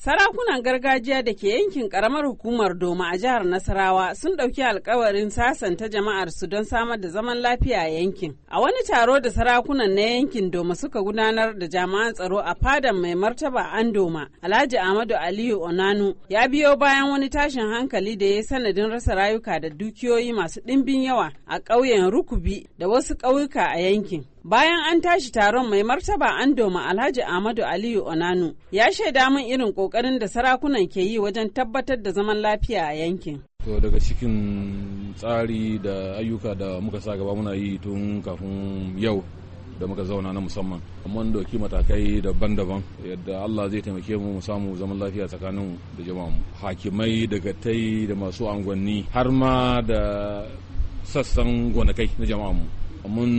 Sarakunan gargajiya da ke yankin karamar hukumar Doma a jihar Nasarawa sun ɗauki alkawarin sasanta jama'arsu don samar da zaman lafiya a yankin. A wani taro da sarakunan na yankin Doma suka gudanar da jama'an tsaro a fadan mai martaba an Doma, Alhaji Ahmadu Aliyu Onanu ya biyo bayan wani tashin hankali da ya yi sanadin rasa rayuka da dukiyoyi masu ɗimbin yawa a ƙauyen Rukubi da wasu ƙauyuka a yankin. Bayan an tashi taron mai martaba an doma Alhaji Ahmadu Aliyu Onanu ya shaida min irin kokarin da sarakunan ke yi wajen tabbatar da zaman lafiya a yankin. To daga cikin tsari da ayyuka da muka sa gaba muna yi tun kafin yau da muka zauna na musamman amma doki matakai daban-daban yadda Allah zai taimake mu mu samu zaman lafiya tsakanin da jama'a hakimai da da masu angwanni har ma da sassan gonakai na jama'anmu. mu mun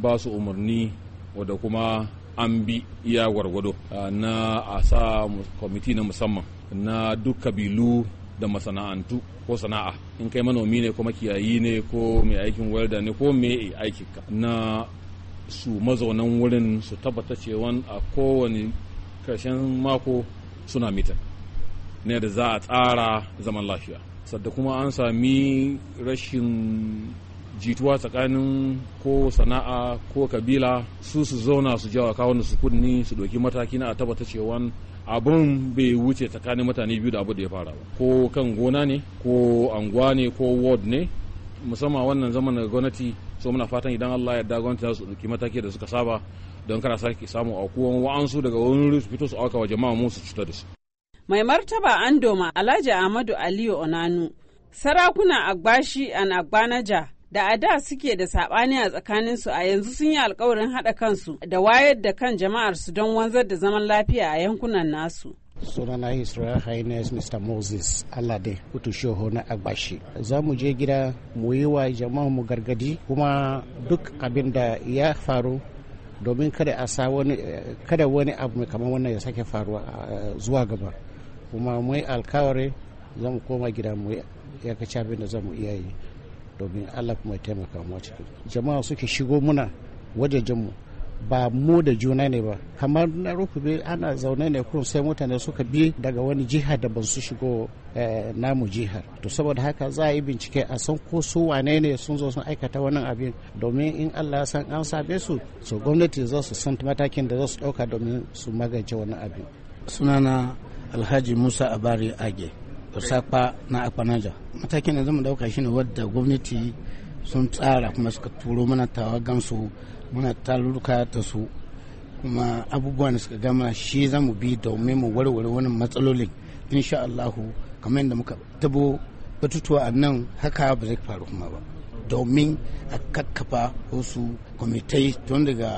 ba su umarni wadda kuma an bi iya gwargwado na a sa kwamiti na musamman na duk kabilu da masana'antu ko sana'a in kai manomi ne ko makiyayi ne ko mai aikin welda ne ko mai aikin ka na su mazaunan wurin su tabbata cewan a kowane karshen mako suna mitan ne da za a tsara zaman lafiya sadda kuma an sami rashin jituwa tsakanin ko sana'a ko kabila su su zauna su jawa kawo su kunni su doki mataki na a tabbata cewa abun bai wuce tsakanin mutane biyu da abu da ya fara ba ko kan gona ne ko anguwa ne ko ward ne musamman wannan zaman daga gwamnati so muna fatan idan Allah ya gwamnati za su ɗauki mataki da suka saba don kana sake samu aukuwan wa'ansu daga wani su fito su auka wa jama'a mu su cuta da su. Mai martaba Andoma Alhaji Ahmadu Aliyu Onanu sarakuna Agbashi an Agbanaja da a da suke da saɓani a tsakaninsu a yanzu sun yi alkawarin haɗa kansu da wayar da kan jama'ar su don wanzar da zaman lafiya a yankunan nasu. sunana his royal highness mr moses alade kutu shoho na agbashi za mu je gida mu yi wa jama'a mu gargadi kuma duk abin da ya faru domin kada a sa wani kada wani abu mai kamar wannan ya sake faruwa zuwa gaba kuma mu yi alkawari za mu koma gida mu yi abin da za mu iya yi domin allah kuma taimaka mu cikin jama'a suke shigo muna mu ba mu da juna ne ba kamar na rukube ana zaune ne kun sai mutane suka bi daga wani jiha da su shigo eh, namu jihar to saboda haka za a yi bincike a san ko su wane ne sun zo sun aikata wannan abin domin in allah ya san an same su so gwamnati za su san matakin da za su ɗauka domin su magance wannan abin sunana alhaji musa abari age safa na akpanaja matakin da zama dauka shine wadda gwamnati sun tsara kuma suka turo mana tawagansu muna taruruka da su kuma abubuwan da suka gama shi za mu bi domin mu warware wani matsalolin insha Allahu kamar yadda muka tabo batutuwa a nan haka ba zai faru kuma ba domin a kakkafa wasu kwamitai tun daga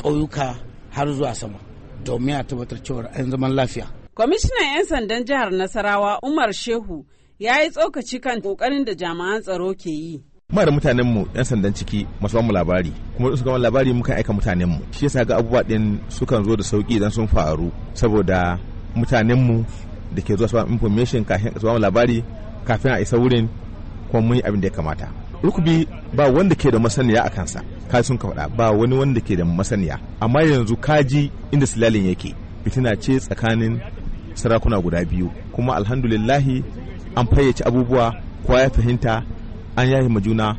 ƙauyuka har zuwa sama domin a tabbatar cewa an zaman lafiya Kwamishinan 'yan sandan jihar Nasarawa Umar Shehu ya yi tsokaci kan kokarin da jami'an tsaro ke yi. Muna da mutanen mu 'yan sandan ciki masu mu labari kuma su kama labari muka aika mutanen mu shi yasa ga abubuwa din sukan zo da sauki idan sun faru saboda mutanen mu da ke zuwa su information kafin su mu labari kafin a isa wurin kuma mun yi abin da ya kamata. Rukubi ba wanda ke da masaniya a kansa ka sun ka faɗa ba wani wanda ke da masaniya amma yanzu kaji inda silalin yake fitina ce tsakanin sarakuna guda biyu kuma alhamdulillahi an fayyace abubuwa kowa ya fahimta an yahi majuna juna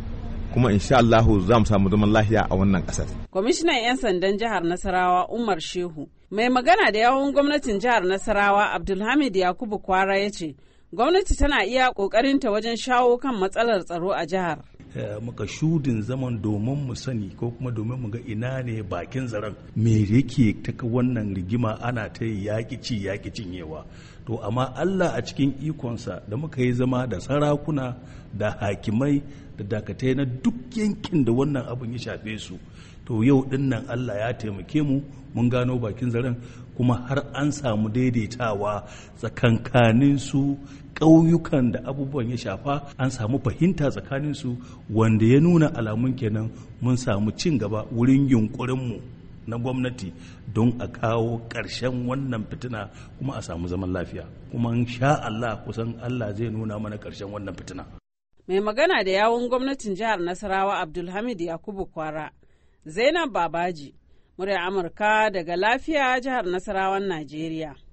kuma insha Allah za mu samu zaman lafiya a wannan kasar. Kwamishinan 'yan sandan jihar Nasarawa Umar Shehu mai magana da yawun gwamnatin jihar Nasarawa Abdulhamid Yakubu Kwara ya ce gwamnati tana iya ƙoƙarinta wajen shawo kan matsalar tsaro a jihar. Eh, muka shudin zaman domin mu sani ko kuma domin mu ga ina ne bakin zaren me yake ta wannan rigima ana ta yaki ci yaƙi cinyewa to amma Allah a cikin ikonsa da muka yi zama da sarakuna da hakimai da dakatai na duk yankin da wannan abin ya shafe su to yau din Allah ya taimake mu mun gano bakin zaren kuma har an samu daidaitawa tsakankanin su ƙauyukan da abubuwan ya shafa an samu fahimta tsakaninsu wanda ya nuna alamun kenan mun samu cin gaba wurin yunkurinmu na gwamnati don a kawo ƙarshen wannan fitina kuma a samu zaman lafiya kuma sha Allah kusan Allah zai nuna mana ƙarshen wannan fitina. Mai magana da yawun gwamnatin jihar Nasarawa Abdulhamid Yakubu Kwara, Zainab Babaji, muryar Amurka daga lafiya jihar Nasarawan Najeriya.